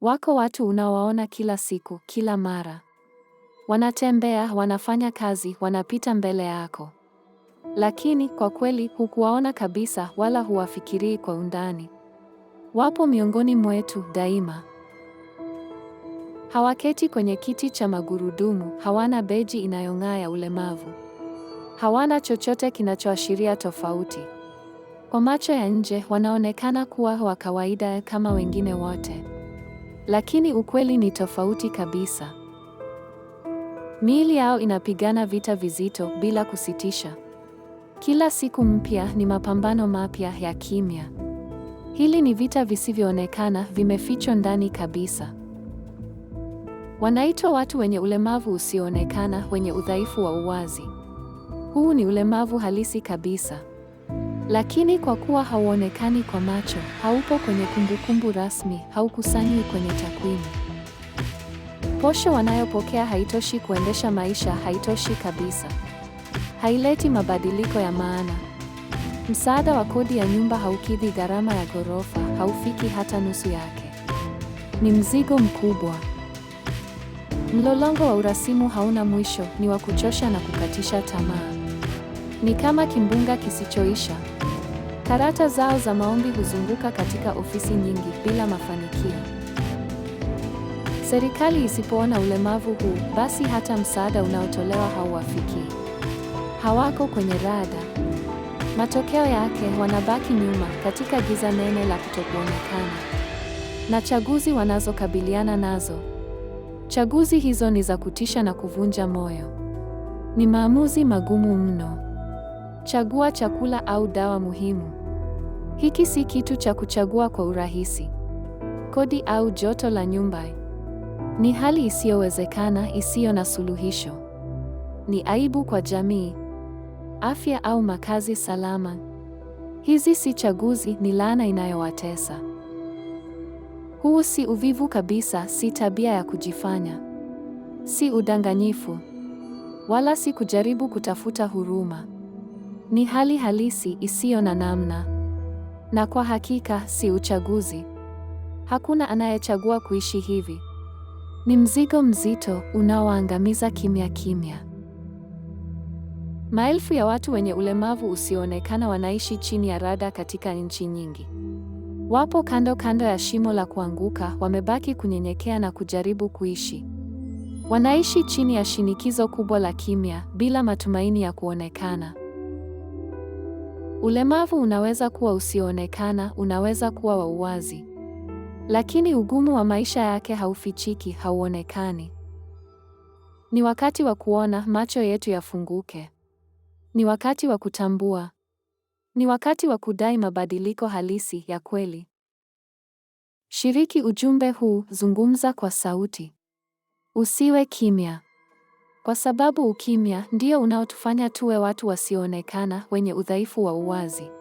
Wako watu unawaona kila siku, kila mara. Wanatembea, wanafanya kazi, wanapita mbele yako. Lakini kwa kweli hukuwaona kabisa wala huwafikirii kwa undani. Wapo miongoni mwetu daima. Hawaketi kwenye kiti cha magurudumu, hawana beji inayong'aa ya ulemavu. Hawana chochote kinachoashiria tofauti. Kwa macho ya nje wanaonekana kuwa wa kawaida kama wengine wote. Lakini ukweli ni tofauti kabisa. Miili yao inapigana vita vizito bila kusitisha. Kila siku mpya ni mapambano mapya ya kimya. Hili ni vita visivyoonekana, vimefichwa ndani kabisa. Wanaitwa watu wenye ulemavu usioonekana, wenye udhaifu wa uwazi. Huu ni ulemavu halisi kabisa. Lakini kwa kuwa hauonekani kwa macho, haupo kwenye kumbukumbu rasmi, haukusanywi kwenye takwimu. Posho wanayopokea haitoshi kuendesha maisha, haitoshi kabisa. Haileti mabadiliko ya maana. Msaada wa kodi ya nyumba haukidhi gharama ya ghorofa, haufiki hata nusu yake. Ni mzigo mkubwa. Mlolongo wa urasimu hauna mwisho, ni wa kuchosha na kukatisha tamaa. Ni kama kimbunga kisichoisha. Karata zao za maombi huzunguka katika ofisi nyingi bila mafanikio. Serikali isipoona ulemavu huu, basi hata msaada unaotolewa hauwafikii. Hawako kwenye rada. Matokeo yake, wanabaki nyuma katika giza nene la kutokuonekana. Na chaguzi wanazokabiliana nazo, chaguzi hizo ni za kutisha na kuvunja moyo. Ni maamuzi magumu mno. Chagua chakula au dawa muhimu. Hiki si kitu cha kuchagua kwa urahisi. Kodi au joto la nyumba ni hali isiyowezekana, isiyo na suluhisho. Ni aibu kwa jamii. Afya au makazi salama, hizi si chaguzi, ni laana inayowatesa. Huu si uvivu kabisa, si tabia ya kujifanya, si udanganyifu, wala si kujaribu kutafuta huruma. Ni hali halisi isiyo na namna na kwa hakika si uchaguzi. Hakuna anayechagua kuishi hivi. Ni mzigo mzito unaoangamiza kimya kimya. Maelfu ya watu wenye ulemavu usioonekana wanaishi chini ya rada katika nchi nyingi. Wapo kando kando ya shimo la kuanguka, wamebaki kunyenyekea na kujaribu kuishi. Wanaishi chini ya shinikizo kubwa la kimya, bila matumaini ya kuonekana. Ulemavu unaweza kuwa usioonekana, unaweza kuwa wa uwazi, lakini ugumu wa maisha yake haufichiki, hauonekani. Ni wakati wa kuona, macho yetu yafunguke. Ni wakati wa kutambua. Ni wakati wa kudai mabadiliko halisi ya kweli. Shiriki ujumbe huu, zungumza kwa sauti. Usiwe kimya. Kwa sababu ukimya ndio unaotufanya tuwe watu wasioonekana wenye udhaifu wa uwazi.